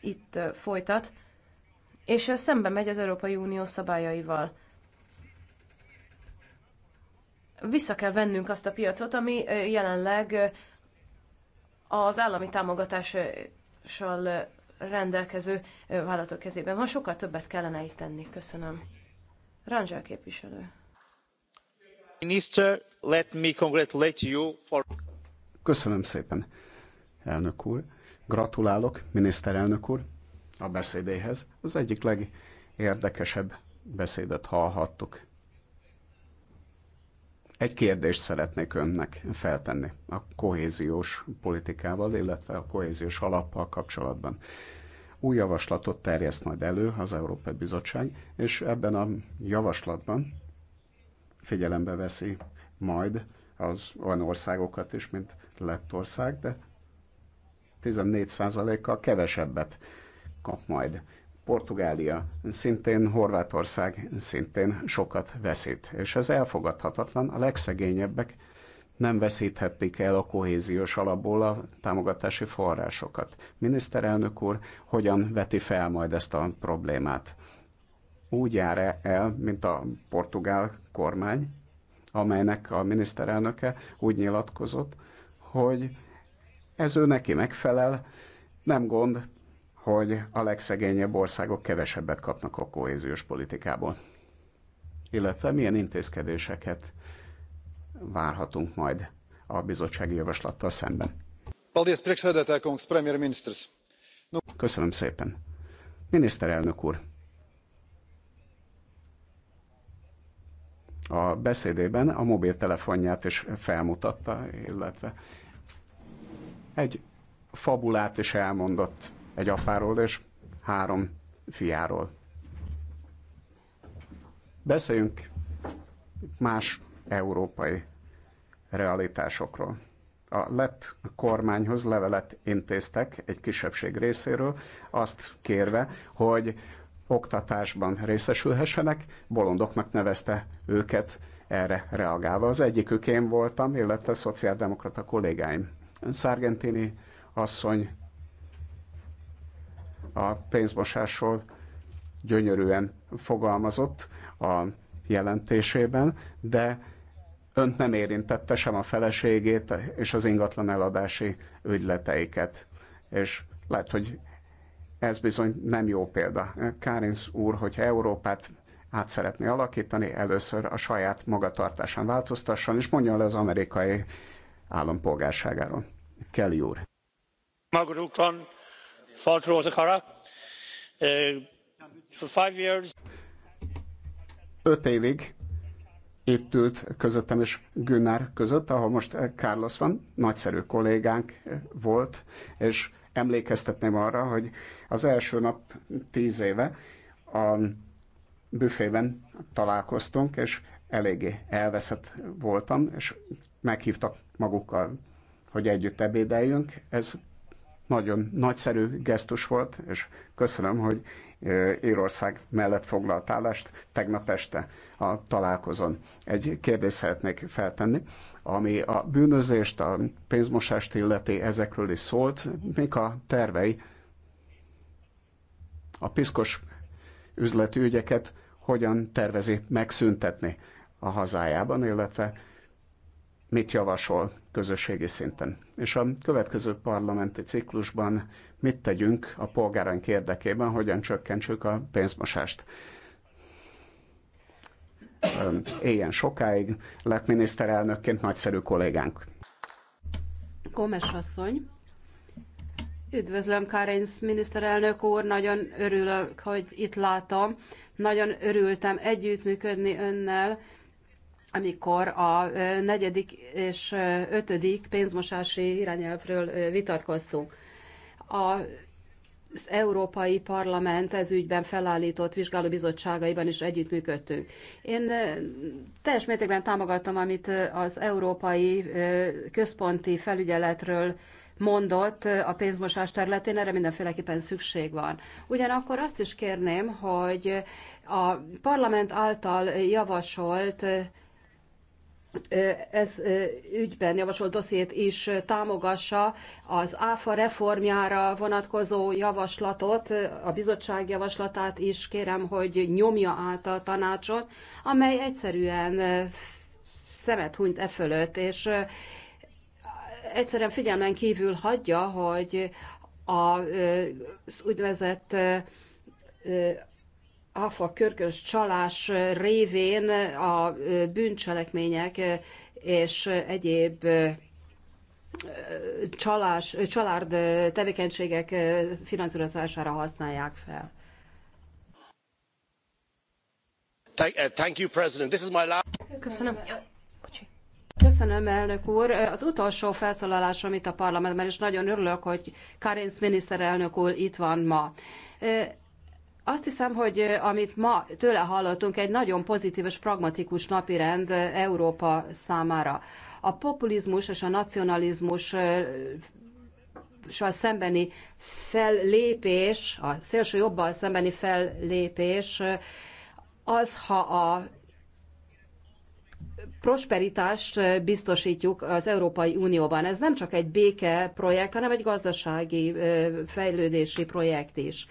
itt folytat, és szembe megy az Európai Unió szabályaival. Vissza kell vennünk azt a piacot, ami jelenleg az állami támogatással rendelkező vállalatok kezében van. Sokkal többet kellene itt tenni. Köszönöm. Rangel képviselő. Minister, let me congratulate you for... Köszönöm szépen, elnök úr. Gratulálok, miniszterelnök úr, a beszédéhez. Az egyik legérdekesebb beszédet hallhattuk. Egy kérdést szeretnék önnek feltenni a kohéziós politikával, illetve a kohéziós alappal kapcsolatban. Új javaslatot terjeszt majd elő az Európai Bizottság, és ebben a javaslatban figyelembe veszi majd az olyan országokat is, mint Lettország, de 14%-kal kevesebbet kap majd. Portugália szintén, Horvátország szintén sokat veszít, és ez elfogadhatatlan. A legszegényebbek nem veszíthetik el a kohéziós alapból a támogatási forrásokat. Miniszterelnök úr, hogyan veti fel majd ezt a problémát? Úgy jár -e el, mint a portugál kormány, amelynek a miniszterelnöke úgy nyilatkozott, hogy ez ő neki megfelel, nem gond, hogy a legszegényebb országok kevesebbet kapnak a kohéziós politikából. Illetve milyen intézkedéseket várhatunk majd a bizottsági javaslattal szemben. Köszönöm szépen. Miniszterelnök úr, a beszédében a mobiltelefonját is felmutatta, illetve egy fabulát is elmondott egy apáról és három fiáról. Beszéljünk más európai realitásokról. A lett kormányhoz levelet intéztek egy kisebbség részéről, azt kérve, hogy oktatásban részesülhessenek, bolondoknak nevezte őket erre reagálva. Az egyikük én voltam, illetve szociáldemokrata kollégáim. Szargentini asszony a pénzmosásról gyönyörűen fogalmazott a jelentésében, de önt nem érintette sem a feleségét és az ingatlan eladási ügyleteiket. És lehet, hogy ez bizony nem jó példa. Kárinsz úr, hogyha Európát át szeretné alakítani, először a saját magatartásán változtasson, és mondjon le az amerikai állampolgárságáról. Kelly úr. Eh, Öt évig itt ült közöttem és Günnár között, ahol most Carlos van, nagyszerű kollégánk volt, és Emlékeztetném arra, hogy az első nap tíz éve a büfében találkoztunk, és eléggé elveszett voltam, és meghívtak magukkal, hogy együtt ebédeljünk. Ez nagyon nagyszerű gesztus volt, és köszönöm, hogy Írország mellett foglalt állást tegnap este a találkozón. Egy kérdést szeretnék feltenni, ami a bűnözést, a pénzmosást illeti, ezekről is szólt. Mik a tervei? A piszkos üzleti ügyeket hogyan tervezi megszüntetni a hazájában, illetve mit javasol közösségi szinten. És a következő parlamenti ciklusban mit tegyünk a polgáraink érdekében, hogyan csökkentsük a pénzmosást. Éljen sokáig, lett miniszterelnökként nagyszerű kollégánk. Gomes asszony, Üdvözlöm, Kárenc miniszterelnök úr, nagyon örülök, hogy itt látom. Nagyon örültem együttműködni önnel, amikor a negyedik és ötödik pénzmosási irányelvről vitatkoztunk. A az Európai Parlament ez ügyben felállított vizsgálóbizottságaiban is együttműködtünk. Én teljes mértékben támogattam, amit az Európai Központi Felügyeletről mondott a pénzmosás területén, erre mindenféleképpen szükség van. Ugyanakkor azt is kérném, hogy a parlament által javasolt ez ügyben javasolt dossziét is támogassa az ÁFA reformjára vonatkozó javaslatot, a bizottság javaslatát is kérem, hogy nyomja át a tanácson, amely egyszerűen szemet hunyt e fölött, és egyszerűen figyelmen kívül hagyja, hogy az úgynevezett áfa körkörös csalás révén a bűncselekmények és egyéb csalás, csalárd tevékenységek finanszírozására használják fel. Uh, thank you, President. This is my last... Köszönöm. Köszönöm, elnök úr. Az utolsó felszólalásom itt a parlamentben, és nagyon örülök, hogy Karinsz miniszterelnök úr itt van ma. Azt hiszem, hogy amit ma tőle hallottunk, egy nagyon pozitív és pragmatikus napirend Európa számára. A populizmus és a nacionalizmus és a szembeni fellépés, a szélső jobban szembeni fellépés, az, ha a prosperitást biztosítjuk az Európai Unióban. Ez nem csak egy béke projekt, hanem egy gazdasági fejlődési projekt is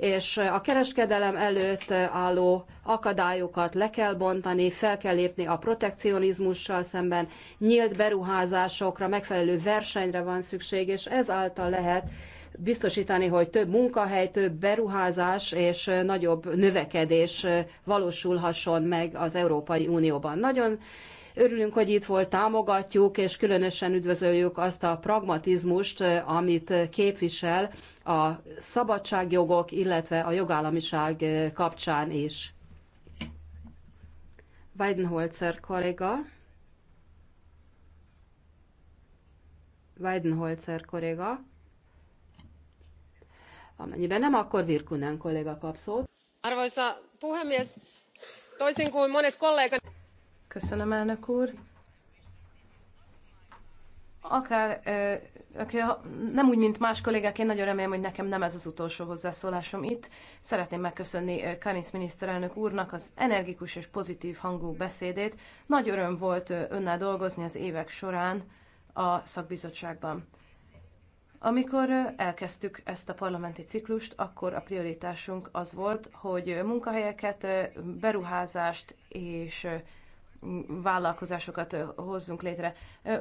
és a kereskedelem előtt álló akadályokat le kell bontani, fel kell lépni a protekcionizmussal szemben, nyílt beruházásokra, megfelelő versenyre van szükség, és ezáltal lehet biztosítani, hogy több munkahely, több beruházás és nagyobb növekedés valósulhasson meg az Európai Unióban. Nagyon Örülünk, hogy itt volt, támogatjuk, és különösen üdvözöljük azt a pragmatizmust, amit képvisel a szabadságjogok, illetve a jogállamiság kapcsán is. Weidenholzer kolléga. Weidenholzer kolléga. Amennyiben nem, akkor Virkunen kolléga kap szót. Arvoisa puhemies, toisin kuin monet kollegat... Köszönöm, elnök úr. Akár, akár nem úgy, mint más kollégák, én nagyon remélem, hogy nekem nem ez az utolsó hozzászólásom itt. Szeretném megköszönni Karinsz miniszterelnök úrnak az energikus és pozitív hangú beszédét. Nagy öröm volt önnel dolgozni az évek során a szakbizottságban. Amikor elkezdtük ezt a parlamenti ciklust, akkor a prioritásunk az volt, hogy munkahelyeket, beruházást és vállalkozásokat hozzunk létre.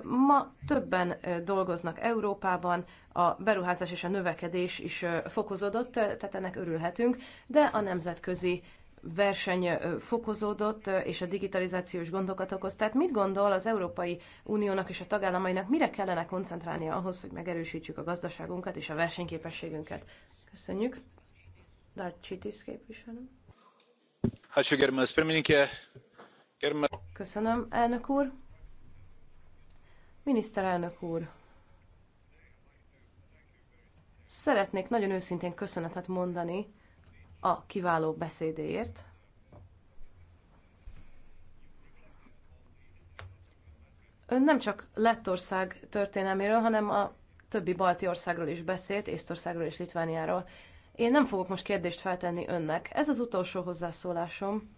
Ma többen dolgoznak Európában, a beruházás és a növekedés is fokozódott, tehát ennek örülhetünk, de a nemzetközi verseny fokozódott, és a digitalizációs gondokat okoz. Tehát mit gondol az Európai Uniónak és a tagállamainak, mire kellene koncentrálnia ahhoz, hogy megerősítsük a gazdaságunkat és a versenyképességünket? Köszönjük. Darcsitis képviselő. Hát, Köszönöm, elnök úr. Miniszterelnök úr, szeretnék nagyon őszintén köszönetet mondani a kiváló beszédéért. Ön nem csak Lettország történelméről, hanem a többi balti országról is beszélt, Észtországról és Litvániáról. Én nem fogok most kérdést feltenni önnek. Ez az utolsó hozzászólásom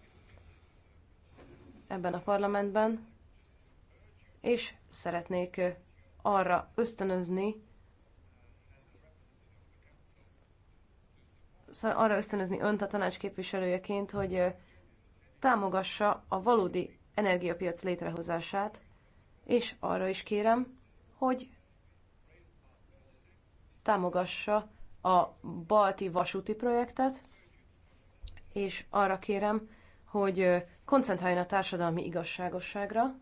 ebben a parlamentben, és szeretnék arra ösztönözni, szóval arra ösztönözni önt a tanács képviselőjeként, hogy támogassa a valódi energiapiac létrehozását, és arra is kérem, hogy támogassa a balti vasúti projektet, és arra kérem, hogy koncentráljon a társadalmi igazságosságra,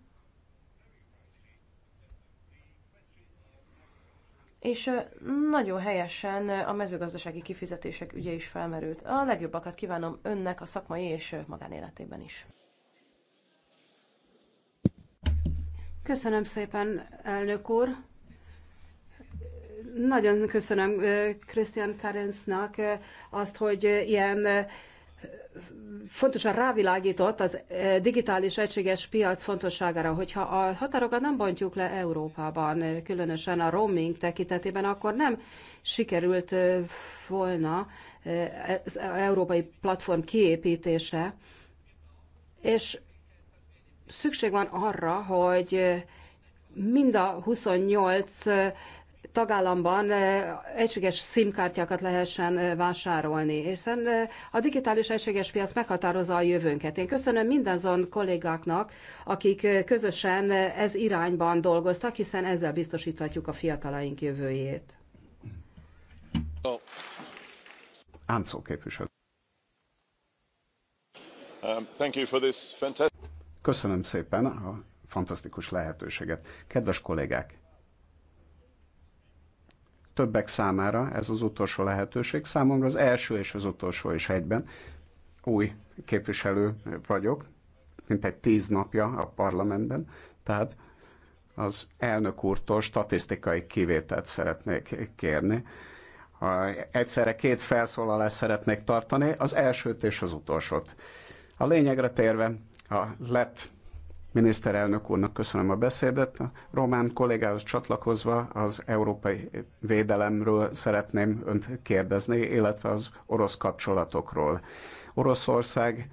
és nagyon helyesen a mezőgazdasági kifizetések ügye is felmerült. A legjobbakat kívánom önnek a szakmai és magánéletében is. Köszönöm szépen, elnök úr. Nagyon köszönöm Christian Karensnak azt, hogy ilyen fontosan rávilágított az eh, digitális egységes piac fontosságára, hogyha a határokat nem bontjuk le Európában, eh, különösen a roaming tekintetében, akkor nem sikerült eh, volna az európai platform kiépítése, és szükség van arra, hogy mind a 28 tagállamban eh, egységes szimkártyákat lehessen eh, vásárolni, hiszen eh, a digitális egységes piac meghatározza a jövőnket. Én köszönöm mindazon kollégáknak, akik közösen ez irányban dolgoztak, hiszen ezzel biztosíthatjuk a fiatalaink jövőjét. Oh. Áncó képviselő. Um, köszönöm szépen a fantasztikus lehetőséget. Kedves kollégák, többek számára ez az utolsó lehetőség. Számomra az első és az utolsó is egyben. Új képviselő vagyok, mint egy tíz napja a parlamentben, tehát az elnök úrtól statisztikai kivételt szeretnék kérni. Egyszerre két felszólalást szeretnék tartani, az elsőt és az utolsót. A lényegre térve, a lett miniszterelnök úrnak köszönöm a beszédet. A román kollégához csatlakozva az európai védelemről szeretném önt kérdezni, illetve az orosz kapcsolatokról. Oroszország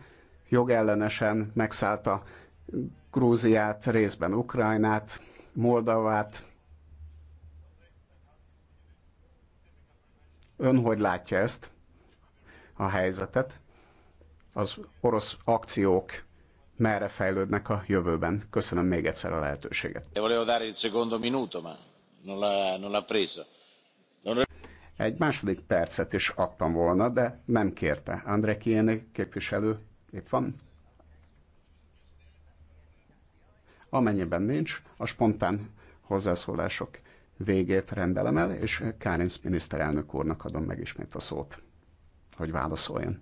jogellenesen megszállta Grúziát, részben Ukrajnát, Moldavát. Ön hogy látja ezt, a helyzetet? Az orosz akciók merre fejlődnek a jövőben. Köszönöm még egyszer a lehetőséget. E Egy második percet is adtam volna, de nem kérte. André Kiene képviselő itt van. Amennyiben nincs, a spontán hozzászólások végét rendelem el, és Kárinc miniszterelnök úrnak adom meg ismét a szót, hogy válaszoljon.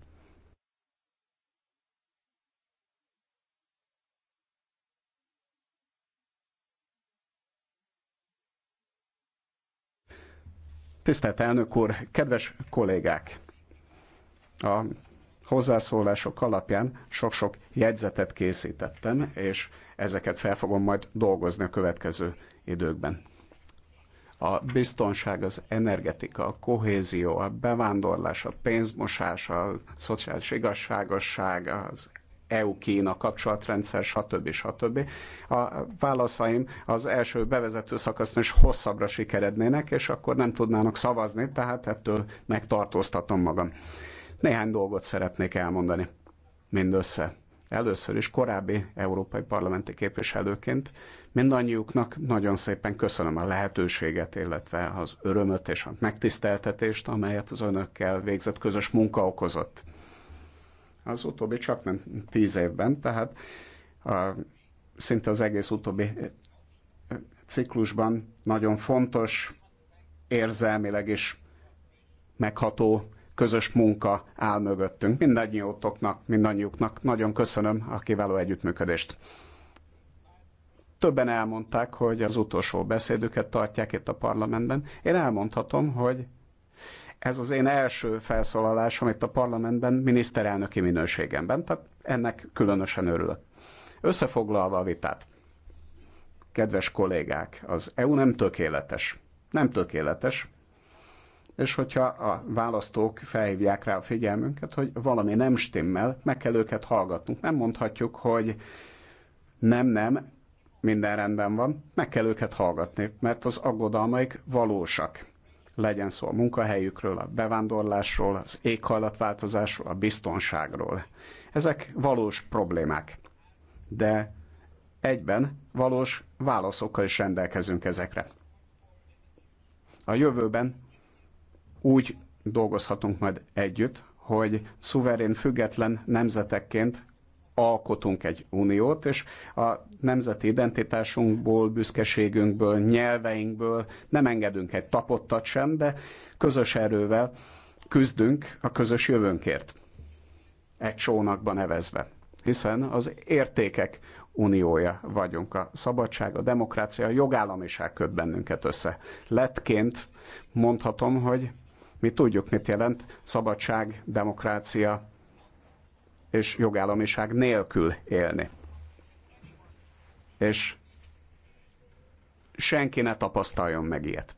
Tisztelt elnök úr, kedves kollégák! A hozzászólások alapján sok-sok jegyzetet készítettem, és ezeket fel fogom majd dolgozni a következő időkben. A biztonság, az energetika, a kohézió, a bevándorlás, a pénzmosás, a szociális igazságosság, az EU-Kína kapcsolatrendszer, stb. stb. A válaszaim az első bevezető szakaszon is hosszabbra sikerednének, és akkor nem tudnának szavazni, tehát ettől megtartóztatom magam. Néhány dolgot szeretnék elmondani mindössze. Először is korábbi európai parlamenti képviselőként mindannyiuknak nagyon szépen köszönöm a lehetőséget, illetve az örömöt és a megtiszteltetést, amelyet az önökkel végzett közös munka okozott az utóbbi csak nem tíz évben, tehát a, szinte az egész utóbbi eh, ciklusban nagyon fontos, érzelmileg is megható közös munka áll mögöttünk. Mindannyiótoknak, mindannyiuknak nagyon köszönöm a kiváló együttműködést. Többen elmondták, hogy az utolsó beszédüket tartják itt a parlamentben. Én elmondhatom, hogy ez az én első felszólalásom itt a parlamentben, miniszterelnöki minőségemben, tehát ennek különösen örülök. Összefoglalva a vitát, kedves kollégák, az EU nem tökéletes. Nem tökéletes, és hogyha a választók felhívják rá a figyelmünket, hogy valami nem stimmel, meg kell őket hallgatnunk. Nem mondhatjuk, hogy nem, nem, minden rendben van, meg kell őket hallgatni, mert az aggodalmaik valósak legyen szó a munkahelyükről, a bevándorlásról, az éghajlatváltozásról, a biztonságról. Ezek valós problémák, de egyben valós válaszokkal is rendelkezünk ezekre. A jövőben úgy dolgozhatunk majd együtt, hogy szuverén, független nemzetekként alkotunk egy uniót, és a nemzeti identitásunkból, büszkeségünkből, nyelveinkből nem engedünk egy tapottat sem, de közös erővel küzdünk a közös jövőnkért. Egy csónakba nevezve. Hiszen az értékek uniója vagyunk. A szabadság, a demokrácia, a jogállamiság köt bennünket össze. Lettként mondhatom, hogy mi tudjuk, mit jelent szabadság, demokrácia, és jogállamiság nélkül élni. És senki ne tapasztaljon meg ilyet.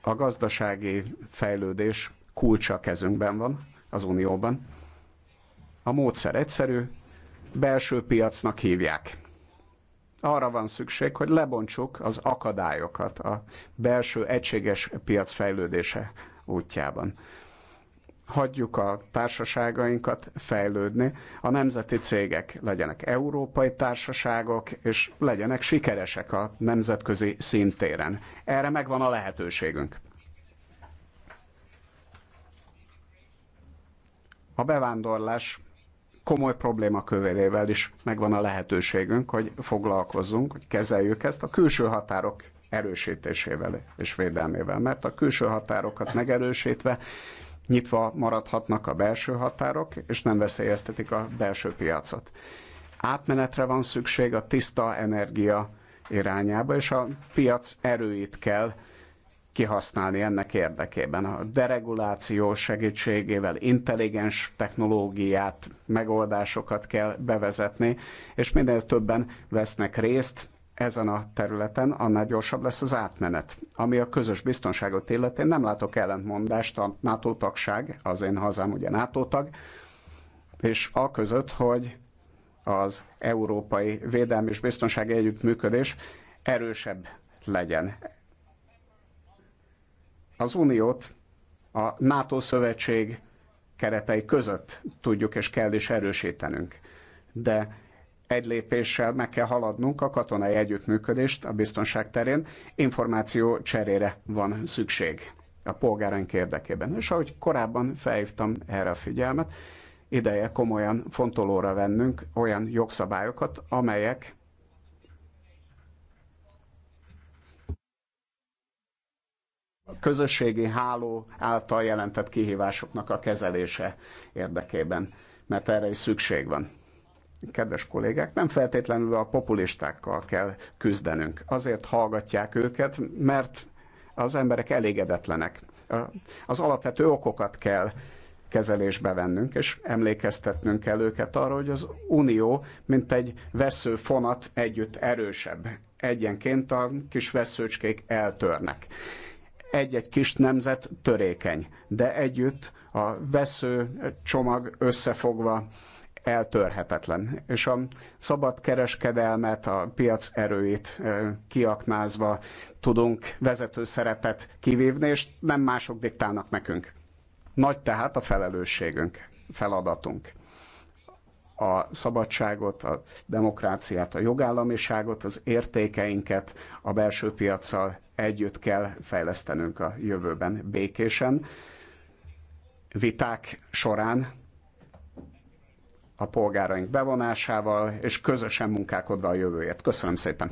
A gazdasági fejlődés kulcsa a kezünkben van az Unióban. A módszer egyszerű, belső piacnak hívják arra van szükség, hogy lebontsuk az akadályokat a belső egységes piac fejlődése útjában. Hagyjuk a társaságainkat fejlődni, a nemzeti cégek legyenek európai társaságok, és legyenek sikeresek a nemzetközi szintéren. Erre megvan a lehetőségünk. A bevándorlás komoly probléma kövérével is megvan a lehetőségünk, hogy foglalkozzunk, hogy kezeljük ezt a külső határok erősítésével és védelmével. Mert a külső határokat megerősítve nyitva maradhatnak a belső határok, és nem veszélyeztetik a belső piacot. Átmenetre van szükség a tiszta energia irányába, és a piac erőit kell kihasználni ennek érdekében. A dereguláció segítségével intelligens technológiát, megoldásokat kell bevezetni, és minél többen vesznek részt ezen a területen, annál gyorsabb lesz az átmenet. Ami a közös biztonságot illeti, nem látok ellentmondást a NATO tagság, az én hazám ugye NATO tag, és a között, hogy az Európai Védelmi és Biztonsági Együttműködés erősebb legyen. Az uniót a NATO szövetség keretei között tudjuk és kell is erősítenünk. De egy lépéssel meg kell haladnunk a katonai együttműködést a biztonság terén, információ cserére van szükség a polgáraink érdekében. És ahogy korábban felhívtam erre a figyelmet, ideje komolyan fontolóra vennünk olyan jogszabályokat, amelyek a közösségi háló által jelentett kihívásoknak a kezelése érdekében, mert erre is szükség van. Kedves kollégák, nem feltétlenül a populistákkal kell küzdenünk. Azért hallgatják őket, mert az emberek elégedetlenek. Az alapvető okokat kell kezelésbe vennünk, és emlékeztetnünk kell őket arra, hogy az Unió, mint egy fonat együtt erősebb. Egyenként a kis veszőcskék eltörnek egy-egy kis nemzet törékeny, de együtt a vesző csomag összefogva eltörhetetlen. És a szabad kereskedelmet, a piac erőit kiaknázva tudunk vezető szerepet kivívni, és nem mások diktálnak nekünk. Nagy tehát a felelősségünk, feladatunk. A szabadságot, a demokráciát, a jogállamiságot, az értékeinket a belső piacsal együtt kell fejlesztenünk a jövőben békésen. Viták során a polgáraink bevonásával, és közösen munkálkodva a jövőért. Köszönöm szépen!